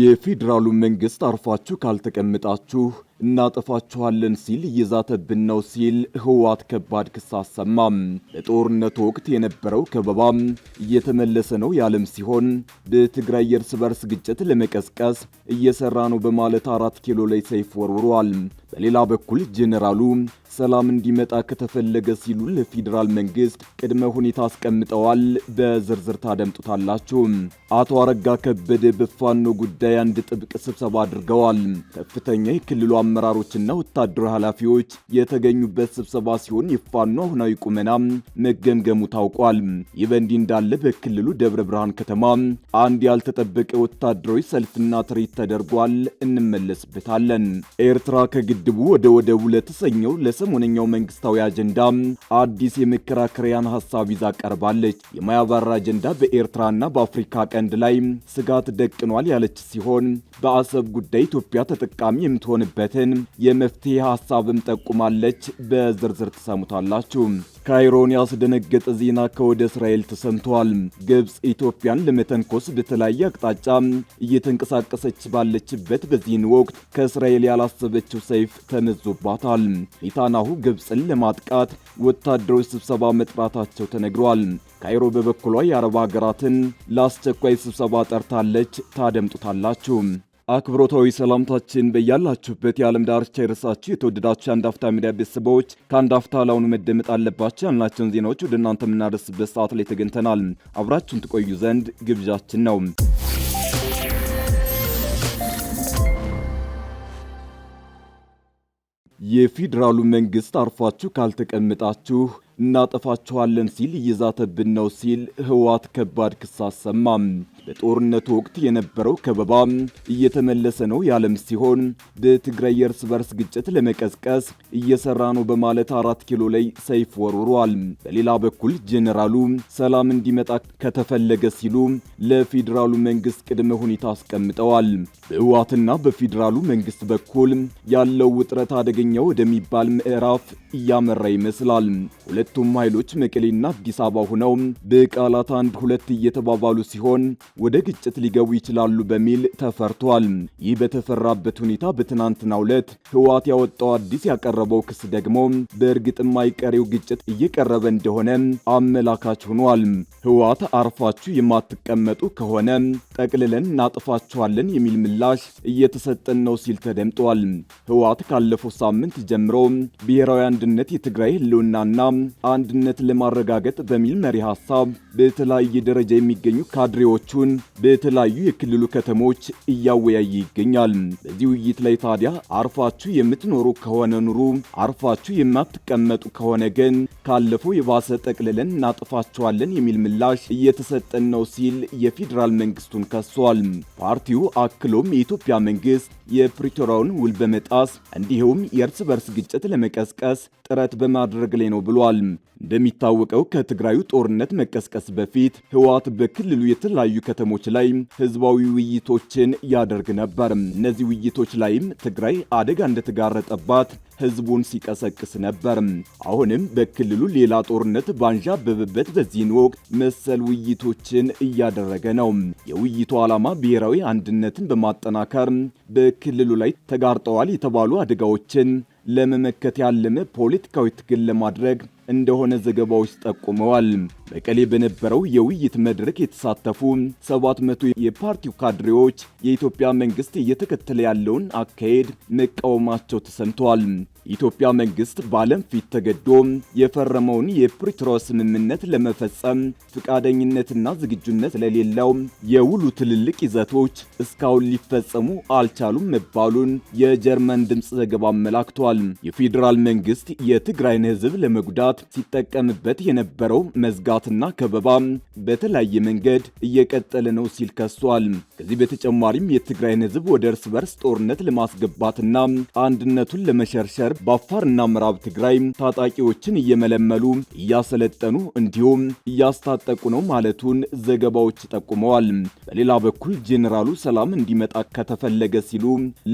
የፌዴራሉ መንግስት አርፋችሁ ካልተቀምጣችሁ እናጠፋችኋለን ሲል እየዛተብን ነው ሲል ህወሓት ከባድ ክስ አሰማ። በጦርነቱ ወቅት የነበረው ከበባ እየተመለሰ ነው ያለም ሲሆን በትግራይ የእርስ በርስ ግጭት ለመቀስቀስ እየሰራ ነው በማለት አራት ኪሎ ላይ ሰይፍ ወርውሯል። በሌላ በኩል ጄኔራሉ ሰላም እንዲመጣ ከተፈለገ ሲሉ ለፌዴራል መንግስት ቅድመ ሁኔታ አስቀምጠዋል። በዝርዝር ታደምጡታላችሁ። አቶ አረጋ ከበደ በፋኖ ጉዳይ አንድ ጥብቅ ስብሰባ አድርገዋል። ከፍተኛ የክልሉ አመራሮችና ወታደር ኃላፊዎች የተገኙበት ስብሰባ ሲሆን የፋኖ አሁናዊ ቁመና መገምገሙ ታውቋል። ይህ በእንዲህ እንዳለ በክልሉ ደብረ ብርሃን ከተማ አንድ ያልተጠበቀ ወታደራዊ ሰልፍና ትርኢት ተደርጓል። እንመለስበታለን። ኤርትራ ከግድቡ ወደ ወደቡ ለተሰኘው ለሰሞነኛው መንግስታዊ አጀንዳ አዲስ የመከራከሪያን ሀሳብ ይዛ ቀርባለች። የማያባራ አጀንዳ በኤርትራና በአፍሪካ ቀንድ ላይ ስጋት ደቅኗል ያለች ሲሆን በአሰብ ጉዳይ ኢትዮጵያ ተጠቃሚ የምትሆንበት ያለበትን የመፍትሄ ሀሳብም ጠቁማለች። በዝርዝር ትሰሙታላችሁ። ካይሮን ያስደነገጠ ዜና ከወደ እስራኤል ተሰምቷል። ግብፅ ኢትዮጵያን ለመተንኮስ በተለያየ አቅጣጫ እየተንቀሳቀሰች ባለችበት በዚህን ወቅት ከእስራኤል ያላሰበችው ሰይፍ ተመዞባታል። ኔታናሁ ግብፅን ለማጥቃት ወታደሮች ስብሰባ መጥራታቸው ተነግሯል። ካይሮ በበኩሏ የአረብ ሀገራትን ለአስቸኳይ ስብሰባ ጠርታለች። ታደምጡታላችሁ። አክብሮታዊ ሰላምታችን በያላችሁበት የዓለም ዳርቻ የረሳችሁ የተወደዳችሁ የአንድ አፍታ ሚዲያ ቤተሰቦች ከአንድ አፍታ ለአሁኑ መደመጥ አለባቸው ያልናቸውን ዜናዎች ወደ እናንተ የምናደርስበት ሰዓት ላይ ተገኝተናል። አብራችሁን ትቆዩ ዘንድ ግብዣችን ነው። የፌዴራሉ መንግስት አርፋችሁ ካልተቀምጣችሁ እናጠፋችኋለን ሲል እየዛተብን ነው ሲል ህወሓት ከባድ ክስ አሰማም። በጦርነቱ ወቅት የነበረው ከበባ እየተመለሰ ነው ያለም ሲሆን በትግራይ የእርስ በርስ ግጭት ለመቀስቀስ እየሰራ ነው በማለት አራት ኪሎ ላይ ሰይፍ ወርውሯል። በሌላ በኩል ጄኔራሉ ሰላም እንዲመጣ ከተፈለገ ሲሉ ለፌዴራሉ መንግስት ቅድመ ሁኔታ አስቀምጠዋል። በህዋትና በፌዴራሉ መንግስት በኩል ያለው ውጥረት አደገኛ ወደሚባል ምዕራፍ እያመራ ይመስላል። ሁለቱም ኃይሎች መቀሌና አዲስ አበባ ሆነው በቃላት አንድ ሁለት እየተባባሉ ሲሆን ወደ ግጭት ሊገቡ ይችላሉ በሚል ተፈርቷል። ይህ በተፈራበት ሁኔታ በትናንትናው ዕለት ህወሓት ያወጣው አዲስ ያቀረበው ክስ ደግሞ በእርግጥም አይቀሬው ግጭት እየቀረበ እንደሆነ አመላካች ሆኗል። ህወሓት አርፋችሁ የማትቀመጡ ከሆነ ጠቅልለን እናጥፋቸዋለን የሚል ምላሽ እየተሰጠን ነው ሲል ተደምጧል። ህወሓት ካለፈው ሳምንት ጀምሮ ብሔራዊ አንድነት የትግራይ ህልውናና አንድነት ለማረጋገጥ በሚል መሪ ሀሳብ በተለያየ ደረጃ የሚገኙ ካድሬዎቹን በተለያዩ የክልሉ ከተሞች እያወያየ ይገኛል። በዚህ ውይይት ላይ ታዲያ አርፋችሁ የምትኖሩ ከሆነ ኑሩ፣ አርፋችሁ የማትቀመጡ ከሆነ ግን ካለፈው የባሰ ጠቅልለን እናጥፋቸዋለን የሚል ምላሽ እየተሰጠን ነው ሲል የፌዴራል መንግስቱን መሆኑን ከሷል። ፓርቲው አክሎም የኢትዮጵያ መንግስት የፕሪቶሪያውን ውል በመጣስ እንዲሁም የእርስ በርስ ግጭት ለመቀስቀስ ጥረት በማድረግ ላይ ነው ብሏል። እንደሚታወቀው ከትግራዩ ጦርነት መቀስቀስ በፊት ህወሓት በክልሉ የተለያዩ ከተሞች ላይ ህዝባዊ ውይይቶችን ያደርግ ነበር። እነዚህ ውይይቶች ላይም ትግራይ አደጋ እንደተጋረጠባት ህዝቡን ሲቀሰቅስ ነበር። አሁንም በክልሉ ሌላ ጦርነት ባንዣበበበት በዚህን ወቅት መሰል ውይይቶችን እያደረገ ነው። የውይይቱ ዓላማ ብሔራዊ አንድነትን በማጠናከር በክልሉ ላይ ተጋርጠዋል የተባሉ አደጋዎችን ለመመከት ያለመ ፖለቲካዊ ትግል ለማድረግ እንደሆነ ዘገባዎች ጠቁመዋል። መቀሌ በነበረው የውይይት መድረክ የተሳተፉ 700 የፓርቲው ካድሬዎች የኢትዮጵያ መንግስት እየተከተለ ያለውን አካሄድ መቃወማቸው ተሰምተዋል። የኢትዮጵያ መንግስት በዓለም ፊት ተገዶ የፈረመውን የፕሪቶሪያ ስምምነት ለመፈጸም ፈቃደኝነትና ዝግጁነት ስለሌለው የውሉ ትልልቅ ይዘቶች እስካሁን ሊፈጸሙ አልቻሉም መባሉን የጀርመን ድምፅ ዘገባ አመላክቷል። የፌዴራል መንግስት የትግራይን ህዝብ ለመጉዳት ለማጥቃት ሲጠቀምበት የነበረው መዝጋትና ከበባ በተለያየ መንገድ እየቀጠለ ነው ሲል ከሷል። ከዚህ በተጨማሪም የትግራይን ህዝብ ወደ እርስ በርስ ጦርነት ለማስገባትና አንድነቱን ለመሸርሸር በአፋርና ምዕራብ ትግራይ ታጣቂዎችን እየመለመሉ እያሰለጠኑ እንዲሁም እያስታጠቁ ነው ማለቱን ዘገባዎች ጠቁመዋል። በሌላ በኩል ጄኔራሉ ሰላም እንዲመጣ ከተፈለገ ሲሉ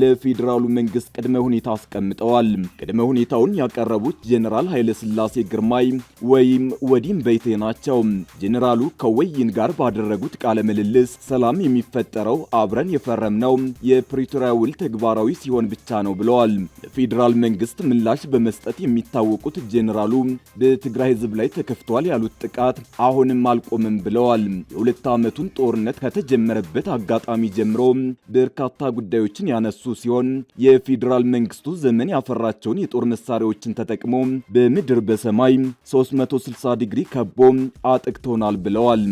ለፌዴራሉ መንግስት ቅድመ ሁኔታ አስቀምጠዋል። ቅድመ ሁኔታውን ያቀረቡት ጄኔራል ኃይለስላሴ ግርማይ ወይም ወዲም በይቴ ናቸው። ጄኔራሉ ከወይን ጋር ባደረጉት ቃለ ምልልስ ሰላም የሚፈጠረው አብረን የፈረምነው የፕሪቶሪያ ውል ተግባራዊ ሲሆን ብቻ ነው ብለዋል። ለፌዴራል መንግስት ምላሽ በመስጠት የሚታወቁት ጄኔራሉ በትግራይ ህዝብ ላይ ተከፍቷል ያሉት ጥቃት አሁንም አልቆምም ብለዋል። የሁለት ዓመቱን ጦርነት ከተጀመረበት አጋጣሚ ጀምሮ በርካታ ጉዳዮችን ያነሱ ሲሆን የፌዴራል መንግስቱ ዘመን ያፈራቸውን የጦር መሳሪያዎችን ተጠቅሞ በምድር በሰማ ሰማይ 360 ዲግሪ ከቦ አጥቅቶናል ብለዋል።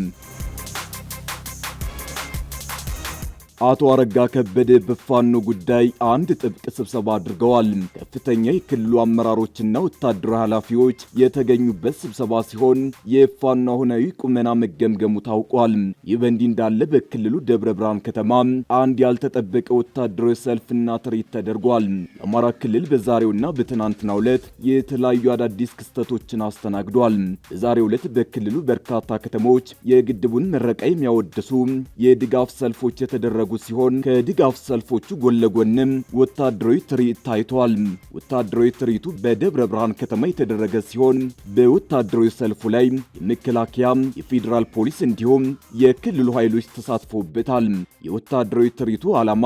አቶ አረጋ ከበደ በፋኖ ጉዳይ አንድ ጥብቅ ስብሰባ አድርገዋል። ከፍተኛ የክልሉ አመራሮችና ወታደራዊ ኃላፊዎች የተገኙበት ስብሰባ ሲሆን የፋኖ አሁናዊ ቁመና መገምገሙ ታውቋል። ይህ በእንዲህ እንዳለ በክልሉ ደብረ ብርሃን ከተማ አንድ ያልተጠበቀ ወታደራዊ ሰልፍና ትርኢት ተደርጓል። የአማራ ክልል በዛሬውና በትናንትናው ዕለት የተለያዩ አዳዲስ ክስተቶችን አስተናግዷል። በዛሬው ዕለት በክልሉ በርካታ ከተሞች የግድቡን ምረቃ የሚያወድሱ የድጋፍ ሰልፎች የተደረጉ ያደረጉ ሲሆን ከድጋፍ ሰልፎቹ ጎን ለጎንም ወታደራዊ ትርኢት ታይቷል። ወታደራዊ ትርኢቱ በደብረ ብርሃን ከተማ የተደረገ ሲሆን በወታደራዊ ሰልፉ ላይ የመከላከያ፣ የፌዴራል ፖሊስ እንዲሁም የክልሉ ኃይሎች ተሳትፎበታል። የወታደራዊ ትርኢቱ ዓላማ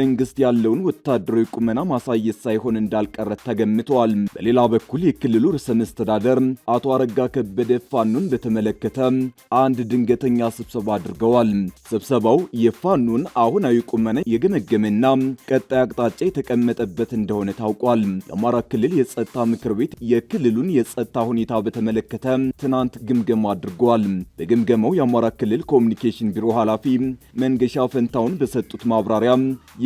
መንግስት ያለውን ወታደራዊ ቁመና ማሳየት ሳይሆን እንዳልቀረ ተገምተዋል። በሌላ በኩል የክልሉ ርዕሰ መስተዳደር አቶ አረጋ ከበደ ፋኖን በተመለከተ አንድ ድንገተኛ ስብሰባ አድርገዋል። ስብሰባው የፋኖን አሁናዊ ቁመና የገመገመና ቀጣይ አቅጣጫ የተቀመጠበት እንደሆነ ታውቋል። የአማራ ክልል የጸጥታ ምክር ቤት የክልሉን የጸጥታ ሁኔታ በተመለከተ ትናንት ግምገማ አድርጓል። በግምገማው የአማራ ክልል ኮሚኒኬሽን ቢሮ ኃላፊ መንገሻ ፈንታውን በሰጡት ማብራሪያ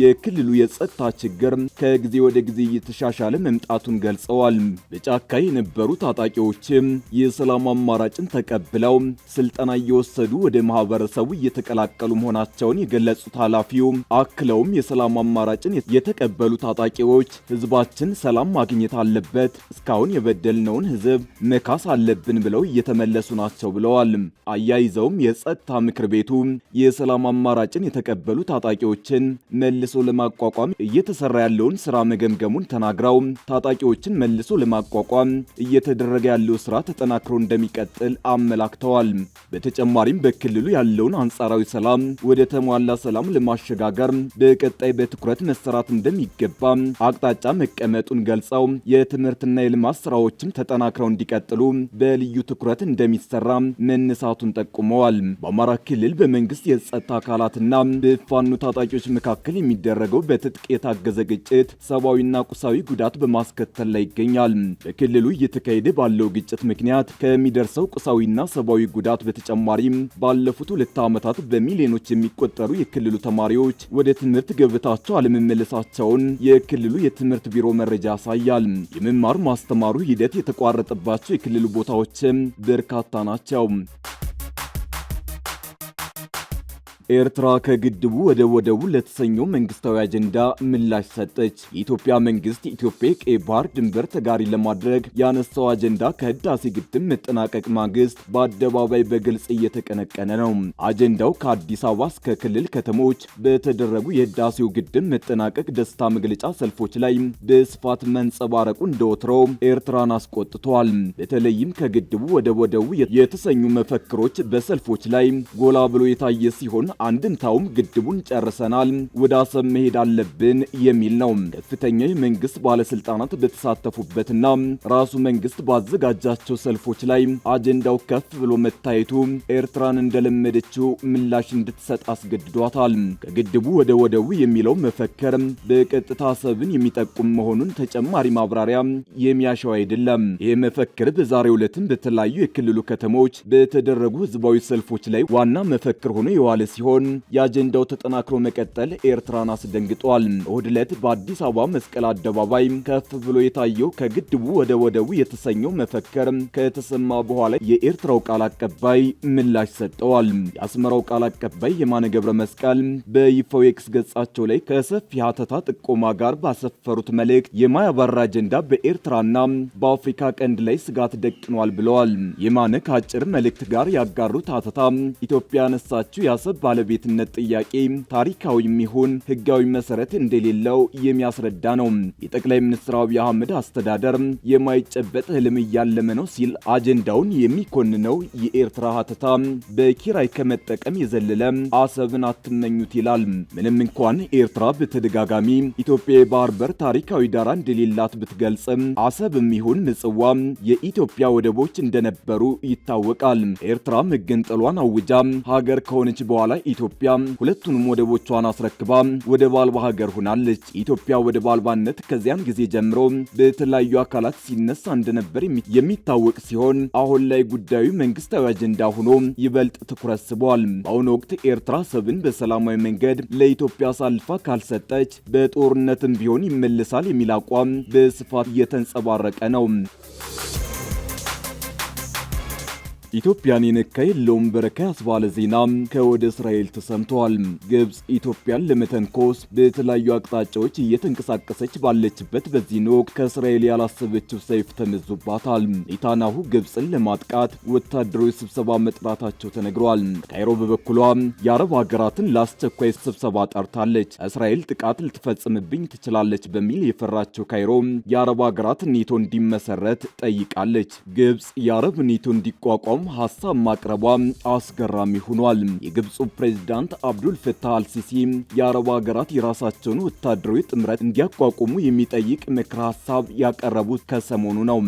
የክልሉ የጸጥታ ችግር ከጊዜ ወደ ጊዜ እየተሻሻለ መምጣቱን ገልጸዋል። በጫካ የነበሩ ታጣቂዎች የሰላም አማራጭን ተቀብለው ስልጠና እየወሰዱ ወደ ማህበረሰቡ እየተቀላቀሉ መሆናቸውን የገለጹት ኃላፊው አክለውም የሰላም አማራጭን የተቀበሉ ታጣቂዎች ህዝባችን ሰላም ማግኘት አለበት፣ እስካሁን የበደልነውን ህዝብ መካስ አለብን ብለው እየተመለሱ ናቸው ብለዋል። አያይዘውም የጸጥታ ምክር ቤቱ የሰላም አማራጭን የተቀበሉ ታጣቂዎችን መልሶ ለማቋቋም እየተሰራ ያለውን ስራ መገምገሙን ተናግረው ታጣቂዎችን መልሶ ለማቋቋም እየተደረገ ያለው ስራ ተጠናክሮ እንደሚቀጥል አመላክተዋል። በተጨማሪም በክልሉ ያለውን አንጻራዊ ሰላም ወደ ተሟላ ሰላም ለማሸጋገር በቀጣይ በትኩረት መሰራት እንደሚገባ አቅጣጫ መቀመጡን ገልጸው የትምህርትና የልማት ስራዎችም ተጠናክረው እንዲቀጥሉ በልዩ ትኩረት እንደሚሰራ መነሳቱን ጠቁመዋል። በአማራ ክልል በመንግስት የጸጥታ አካላትና በፋኖ ታጣቂዎች መካከል የሚደረገው በትጥቅ የታገዘ ግጭት ሰብአዊና ቁሳዊ ጉዳት በማስከተል ላይ ይገኛል። በክልሉ እየተካሄደ ባለው ግጭት ምክንያት ከሚደርሰው ቁሳዊና ሰብአዊ ጉዳት በተጨማሪም ባለፉት ሁለት ዓመታት በሚሊዮኖች የሚቆጠሩ የክልሉ ተማሪዎች ወደ ትምህርት ገበታቸው አለመመለሳቸውን የክልሉ የትምህርት ቢሮ መረጃ ያሳያል። የመማር ማስተማሩ ሂደት የተቋረጠባቸው የክልሉ ቦታዎችም በርካታ ናቸው። ኤርትራ ከግድቡ ወደ ወደቡ ለተሰኘው መንግስታዊ አጀንዳ ምላሽ ሰጠች። የኢትዮጵያ መንግስት ኢትዮጵያ ቀይ ባህር ድንበር ተጋሪ ለማድረግ ያነሳው አጀንዳ ከህዳሴ ግድብ መጠናቀቅ ማግስት በአደባባይ በግልጽ እየተቀነቀነ ነው። አጀንዳው ከአዲስ አበባ እስከ ክልል ከተሞች በተደረጉ የህዳሴው ግድብ መጠናቀቅ ደስታ መግለጫ ሰልፎች ላይ በስፋት መንጸባረቁ እንደወትረው ኤርትራን አስቆጥቷል። በተለይም ከግድቡ ወደ ወደቡ የተሰኙ መፈክሮች በሰልፎች ላይ ጎላ ብሎ የታየ ሲሆን አንድምታውም ግድቡን ጨርሰናል፣ ወደ አሰብ መሄድ አለብን የሚል ነው። ከፍተኛ የመንግስት ባለስልጣናት በተሳተፉበትና ራሱ መንግስት ባዘጋጃቸው ሰልፎች ላይ አጀንዳው ከፍ ብሎ መታየቱ ኤርትራን እንደለመደችው ምላሽ እንድትሰጥ አስገድዷታል። ከግድቡ ወደ ወደቡ የሚለው መፈክር በቀጥታ አሰብን የሚጠቁም መሆኑን ተጨማሪ ማብራሪያ የሚያሻው አይደለም። ይህ መፈክር በዛሬው ዕለትም በተለያዩ የክልሉ ከተሞች በተደረጉ ህዝባዊ ሰልፎች ላይ ዋና መፈክር ሆኖ የዋለ ሲሆን ሲሆን የአጀንዳው ተጠናክሮ መቀጠል ኤርትራን አስደንግጧል። እሁድ ዕለት በአዲስ አበባ መስቀል አደባባይ ከፍ ብሎ የታየው ከግድቡ ወደ ወደቡ የተሰኘው መፈክር ከተሰማ በኋላ የኤርትራው ቃል አቀባይ ምላሽ ሰጠዋል። የአስመራው ቃል አቀባይ የማነ ገብረ መስቀል በይፋው ኤክስ ገጻቸው ላይ ከሰፊ ሀተታ ጥቆማ ጋር ባሰፈሩት መልእክት የማያባራ አጀንዳ በኤርትራና በአፍሪካ ቀንድ ላይ ስጋት ደቅኗል ብለዋል። የማነ ከአጭር መልእክት ጋር ያጋሩት ሀተታ ኢትዮጵያ ያነሳችው የአሰብ ባለቤትነት ጥያቄ ታሪካዊ የሚሆን ህጋዊ መሰረት እንደሌለው የሚያስረዳ ነው። የጠቅላይ ሚኒስትር አብይ አህመድ አስተዳደር የማይጨበጥ ህልም እያለመ ነው ሲል አጀንዳውን የሚኮንነው የኤርትራ ሀተታ በኪራይ ከመጠቀም የዘለለ አሰብን አትመኙት ይላል። ምንም እንኳን ኤርትራ በተደጋጋሚ ኢትዮጵያ የባህር በር ታሪካዊ ዳራ እንደሌላት ብትገልጽም አሰብ የሚሆን ምጽዋ የኢትዮጵያ ወደቦች እንደነበሩ ይታወቃል። ኤርትራ መገንጠሏን አውጃ ሀገር ከሆነች በኋላ ኢትዮጵያ ሁለቱንም ወደቦቿን አስረክባ ወደብ አልባ ሀገር ሆናለች። የኢትዮጵያ ወደብ አልባነት ከዚያን ጊዜ ጀምሮ በተለያዩ አካላት ሲነሳ እንደነበር የሚታወቅ ሲሆን አሁን ላይ ጉዳዩ መንግስታዊ አጀንዳ ሆኖ ይበልጥ ትኩረት ስቧል። በአሁኑ ወቅት ኤርትራ ሰብን በሰላማዊ መንገድ ለኢትዮጵያ አሳልፋ ካልሰጠች በጦርነትም ቢሆን ይመልሳል የሚል አቋም በስፋት እየተንጸባረቀ ነው። ኢትዮጵያን የነካ የለውም በረካ ያስባለ ዜና ከወደ እስራኤል ተሰምተዋል። ግብፅ ኢትዮጵያን ለመተንኮስ በተለያዩ አቅጣጫዎች እየተንቀሳቀሰች ባለችበት በዚህ ወቅት ከእስራኤል ያላሰበችው ሰይፍ ተመዞባታል። ኔታንያሁ ግብፅን ለማጥቃት ወታደራዊ ስብሰባ መጥራታቸው ተነግሯል። ካይሮ በበኩሏ የአረብ ሀገራትን ለአስቸኳይ ስብሰባ ጠርታለች። እስራኤል ጥቃት ልትፈጽምብኝ ትችላለች በሚል የፈራቸው ካይሮ የአረብ ሀገራት ኔቶ እንዲመሰረት ጠይቃለች። ግብፅ የአረብ ኔቶ እንዲቋቋም ሀሳብ ማቅረቧ አስገራሚ ሆኗል። የግብፁ ፕሬዚዳንት አብዱል ፈታህ አልሲሲ የአረብ ሀገራት የራሳቸውን ወታደራዊ ጥምረት እንዲያቋቁሙ የሚጠይቅ ምክር ሀሳብ ያቀረቡት ከሰሞኑ ነው።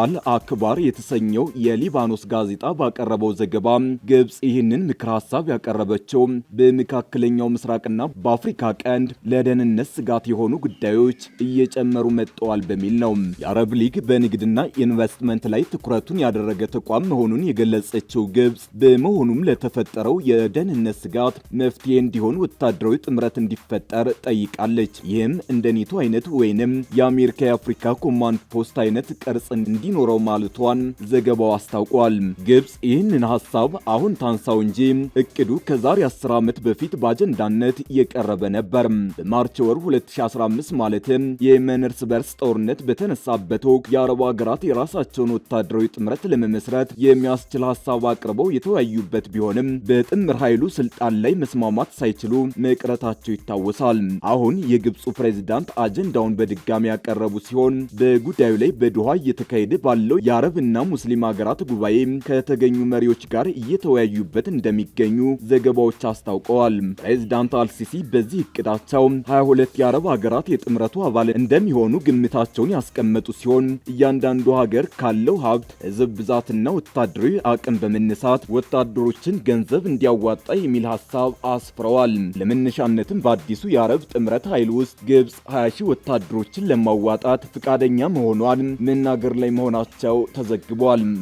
አል አክባር የተሰኘው የሊባኖስ ጋዜጣ ባቀረበው ዘገባ ግብፅ ይህንን ምክር ሀሳብ ያቀረበችው በመካከለኛው ምስራቅና በአፍሪካ ቀንድ ለደህንነት ስጋት የሆኑ ጉዳዮች እየጨመሩ መጥተዋል በሚል ነው። የአረብ ሊግ በንግድና ኢንቨስትመንት ላይ ትኩረቱን ያደረገ ተቋም መሆኑን የገለጸችው ግብጽ በመሆኑም ለተፈጠረው የደህንነት ስጋት መፍትሄ እንዲሆን ወታደራዊ ጥምረት እንዲፈጠር ጠይቃለች። ይህም እንደ ኔቶ አይነት ወይንም የአሜሪካ የአፍሪካ ኮማንድ ፖስት አይነት ቅርጽ እንዲኖረው ማለቷን ዘገባው አስታውቋል። ግብጽ ይህንን ሀሳብ አሁን ታንሳው እንጂ እቅዱ ከዛሬ 10 ዓመት በፊት በአጀንዳነት የቀረበ ነበር። በማርች ወር 2015 ማለትም የየመን እርስ በርስ ጦርነት በተነሳበት ወቅት የአረብ ሀገራት የራሳቸውን ወታደራዊ ጥምረት ለመመስረት የሚያስ የሚያስችል ሀሳብ አቅርበው የተወያዩበት ቢሆንም በጥምር ኃይሉ ስልጣን ላይ መስማማት ሳይችሉ መቅረታቸው ይታወሳል። አሁን የግብፁ ፕሬዚዳንት አጀንዳውን በድጋሚ ያቀረቡ ሲሆን በጉዳዩ ላይ በድሃ እየተካሄደ ባለው የአረብና ሙስሊም ሀገራት ጉባኤ ከተገኙ መሪዎች ጋር እየተወያዩበት እንደሚገኙ ዘገባዎች አስታውቀዋል። ፕሬዚዳንት አልሲሲ በዚህ እቅዳቸው 22 የአረብ ሀገራት የጥምረቱ አባል እንደሚሆኑ ግምታቸውን ያስቀመጡ ሲሆን እያንዳንዱ ሀገር ካለው ሀብት፣ ሕዝብ ብዛትና ወታደራዊ አቅም በመነሳት ወታደሮችን ገንዘብ እንዲያዋጣ የሚል ሀሳብ አስፍረዋል። ለመነሻነትም በአዲሱ የአረብ ጥምረት ኃይል ውስጥ ግብፅ 20 ሺህ ወታደሮችን ለማዋጣት ፍቃደኛ መሆኗን መናገር ላይ መሆናቸው ተዘግቧል።